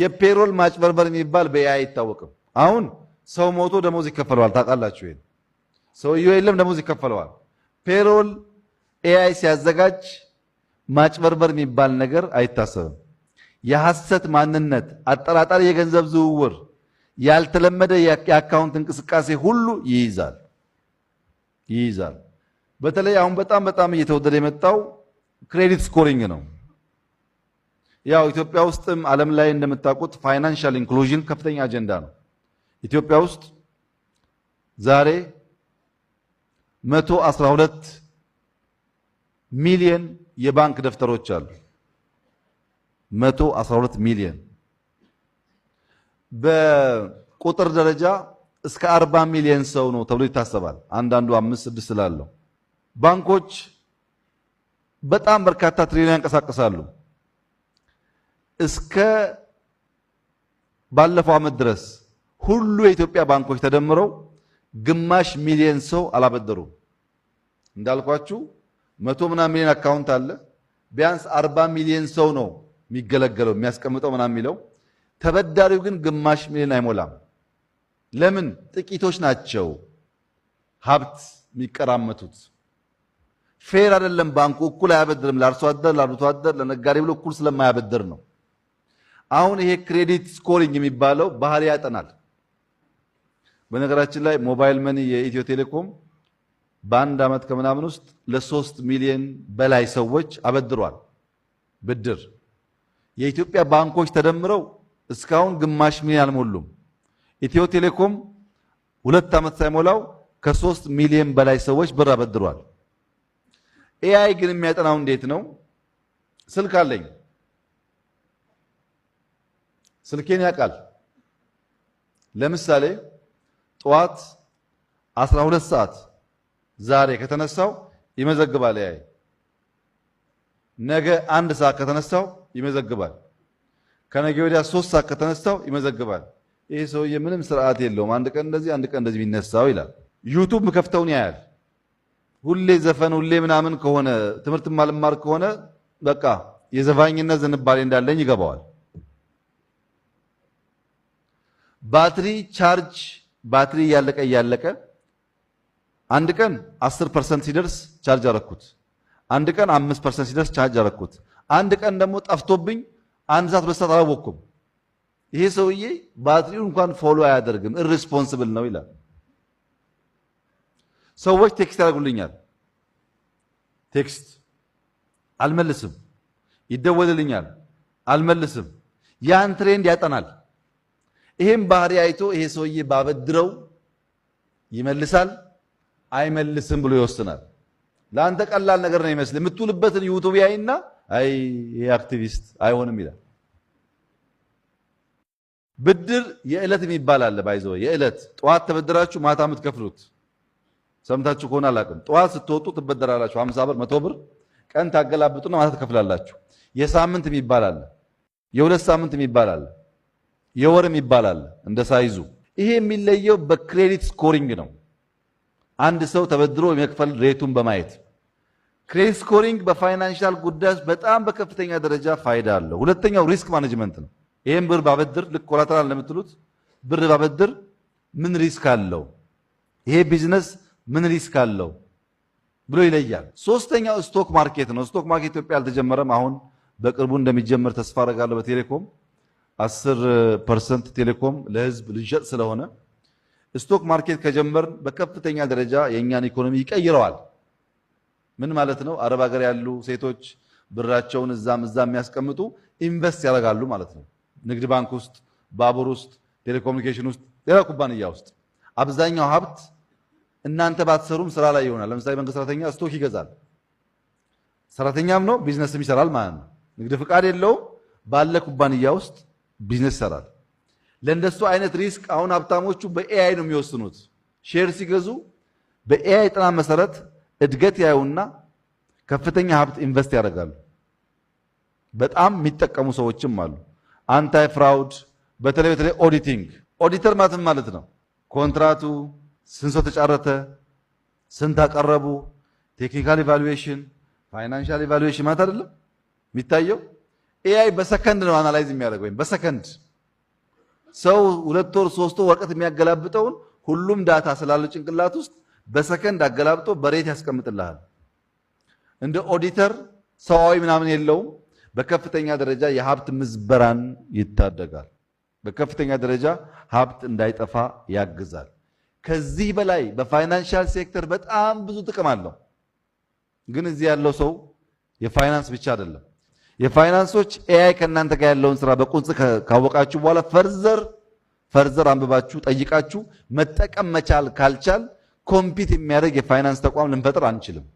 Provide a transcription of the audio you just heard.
የፔሮል ማጭበርበር የሚባል በያ አይታወቅም። አሁን ሰው ሞቶ ደሞዝ ይከፈለዋል። ታውቃላችሁ? ይሄን ሰውየው የለም ደሞዝ ይከፈለዋል። ፔሮል ኤአይ ሲያዘጋጅ ማጭበርበር የሚባል ነገር አይታሰብም። የሐሰት ማንነት፣ አጠራጣሪ የገንዘብ ዝውውር፣ ያልተለመደ የአካውንት እንቅስቃሴ ሁሉ ይይዛል ይይዛል። በተለይ አሁን በጣም በጣም እየተወደደ የመጣው ክሬዲት ስኮሪንግ ነው። ያው ኢትዮጵያ ውስጥም ዓለም ላይ እንደምታውቁት ፋይናንሻል ኢንክሉዥን ከፍተኛ አጀንዳ ነው። ኢትዮጵያ ውስጥ ዛሬ 112 ሚሊየን የባንክ ደብተሮች አሉ። 112 ሚሊየን በቁጥር ደረጃ እስከ 40 ሚሊየን ሰው ነው ተብሎ ይታሰባል። አንዳንዱ አምስት ስድስት ስላለው ባንኮች በጣም በርካታ ትሪሊዮን ያንቀሳቅሳሉ። እስከ ባለፈው ዓመት ድረስ ሁሉ የኢትዮጵያ ባንኮች ተደምረው ግማሽ ሚሊየን ሰው አላበደሩም። እንዳልኳችሁ መቶ ምናምን ሚሊዮን አካውንት አለ። ቢያንስ አርባ ሚሊየን ሰው ነው የሚገለገለው የሚያስቀምጠው ምናምን የሚለው ተበዳሪው ግን ግማሽ ሚሊዮን አይሞላም። ለምን? ጥቂቶች ናቸው ሀብት የሚቀራመቱት። ፌር አይደለም። ባንኩ እኩል አያበድርም። ለአርሶ አደር፣ ለአርብቶ አደር፣ ለነጋዴ ብሎ እኩል ስለማያበድር ነው። አሁን ይሄ ክሬዲት ስኮሪንግ የሚባለው ባህሪ ያጠናል። በነገራችን ላይ ሞባይል መኒ የኢትዮ ቴሌኮም በአንድ ዓመት ከምናምን ውስጥ ለሶስት ሚሊዮን በላይ ሰዎች አበድሯል። ብድር የኢትዮጵያ ባንኮች ተደምረው እስካሁን ግማሽ ሚሊዮን አልሞሉም። ኢትዮ ቴሌኮም ሁለት ዓመት ሳይሞላው ከሶስት ሚሊዮን በላይ ሰዎች ብር አበድሯል። ኤአይ ግን የሚያጠናው እንዴት ነው? ስልክ አለኝ ስልኬን ያውቃል። ለምሳሌ ጠዋት 12 ሰዓት ዛሬ ከተነሳው ይመዘግባል። ያይ ነገ አንድ ሰዓት ከተነሳው ይመዘግባል። ከነገ ወዲያ ሶስት ሰዓት ከተነሳው ይመዘግባል። ይህ ሰውዬ ምንም ስርዓት የለውም። አንድ ቀን እንደዚህ፣ አንድ ቀን እንደዚህ ቢነሳው ይላል። ዩቱብ ከፍተውን ያያል። ሁሌ ዘፈን፣ ሁሌ ምናምን ከሆነ ትምህርት ማልማር ከሆነ በቃ የዘፋኝነት ዝንባሌ እንዳለኝ ይገባዋል። ባትሪ ቻርጅ ባትሪ እያለቀ እያለቀ አንድ ቀን 10 ፐርሰንት ሲደርስ ቻርጅ አረኩት። አንድ ቀን 5 ፐርሰንት ሲደርስ ቻርጅ አረኩት። አንድ ቀን ደግሞ ጠፍቶብኝ አንድ ሰዓት በሰዓት አላወቅኩም። ይሄ ሰውዬ ባትሪውን እንኳን ፎሎ አያደርግም፣ ኢሪስፖንስብል ነው ይላል። ሰዎች ቴክስት ያደርጉልኛል። ቴክስት አልመልስም፣ ይደወልልኛል፣ አልመልስም። ያን ትሬንድ ያጠናል። ይሄን ባህሪ አይቶ ይሄ ሰውዬ ባበድረው ይመልሳል አይመልስም ብሎ ይወስናል። ለአንተ ቀላል ነገር ነው ይመስል የምትውልበትን ዩቱብ ያይና አይ አክቲቪስት አይሆንም ይላል። ብድር የዕለት የሚባል አለ። ባይዘው የዕለት ጠዋት ተበድራችሁ ማታ የምትከፍሉት ሰምታችሁ ከሆነ አላውቅም። ጠዋት ስትወጡ ትበደራላችሁ 50 ብር፣ መቶ ብር ቀን ታገላብጡና ማታ ትከፍላላችሁ። የሳምንት የሚባል አለ። የሁለት ሳምንት የሚባል አለ። የወርም ይባላል እንደ ሳይዙ። ይሄ የሚለየው በክሬዲት ስኮሪንግ ነው። አንድ ሰው ተበድሮ የመክፈል ሬቱን በማየት ክሬዲት ስኮሪንግ በፋይናንሻል ጉዳዮች በጣም በከፍተኛ ደረጃ ፋይዳ አለው። ሁለተኛው ሪስክ ማኔጅመንት ነው። ይህም ብር ባበድር ልክ ኮላተራል ለምትሉት ብር ባበድር ምን ሪስክ አለው? ይሄ ቢዝነስ ምን ሪስክ አለው ብሎ ይለያል። ሶስተኛው ስቶክ ማርኬት ነው። ስቶክ ማርኬት ኢትዮጵያ አልተጀመረም። አሁን በቅርቡ እንደሚጀመር ተስፋ አደርጋለሁ በቴሌኮም አስር ፐርሰንት ቴሌኮም ለህዝብ ልንሸጥ ስለሆነ ስቶክ ማርኬት ከጀመርን በከፍተኛ ደረጃ የእኛን ኢኮኖሚ ይቀይረዋል። ምን ማለት ነው? አረብ ሀገር ያሉ ሴቶች ብራቸውን እዛም እዛ የሚያስቀምጡ ኢንቨስት ያደርጋሉ ማለት ነው። ንግድ ባንክ ውስጥ፣ ባቡር ውስጥ፣ ቴሌኮሙኒኬሽን ውስጥ፣ ሌላ ኩባንያ ውስጥ አብዛኛው ሀብት እናንተ ባትሰሩም ስራ ላይ ይሆናል። ለምሳሌ መንግስት ሰራተኛ ስቶክ ይገዛል፣ ሰራተኛም ነው፣ ቢዝነስም ይሰራል ማለት ነው። ንግድ ፍቃድ የለውም ባለ ኩባንያ ውስጥ ቢዝነስ ይሰራል። ለእንደሱ አይነት ሪስክ አሁን ሀብታሞቹ በኤአይ ነው የሚወስኑት። ሼር ሲገዙ በኤአይ ጥናት መሰረት እድገት ያዩና ከፍተኛ ሀብት ኢንቨስት ያደርጋሉ። በጣም የሚጠቀሙ ሰዎችም አሉ። አንታይ ፍራውድ፣ በተለይ በተለይ ኦዲቲንግ። ኦዲተር ማለትም ማለት ነው ኮንትራቱ ስንት ሰው ተጫረተ፣ ስንት አቀረቡ፣ ቴክኒካል ኢቫሉዌሽን፣ ፋይናንሻል ኢቫሉዌሽን ማለት አይደለም የሚታየው ኤአይ በሰከንድ ነው አናላይዝ የሚያደርገው ወይም በሰከንድ ሰው ሁለት ወር ሶስት ወር ወረቀት የሚያገላብጠውን ሁሉም ዳታ ስላለው ጭንቅላት ውስጥ በሰከንድ አገላብጦ በሬት ያስቀምጥልሃል። እንደ ኦዲተር ሰዋዊ ምናምን የለውም። በከፍተኛ ደረጃ የሀብት ምዝበራን ይታደጋል። በከፍተኛ ደረጃ ሀብት እንዳይጠፋ ያግዛል። ከዚህ በላይ በፋይናንሻል ሴክተር በጣም ብዙ ጥቅም አለው። ግን እዚህ ያለው ሰው የፋይናንስ ብቻ አይደለም የፋይናንሶች ኤአይ ከእናንተ ጋር ያለውን ስራ በቁንጽ ካወቃችሁ በኋላ ፈርዘር ፈርዘር አንብባችሁ ጠይቃችሁ መጠቀም መቻል ካልቻል ኮምፒት የሚያደርግ የፋይናንስ ተቋም ልንፈጥር አንችልም።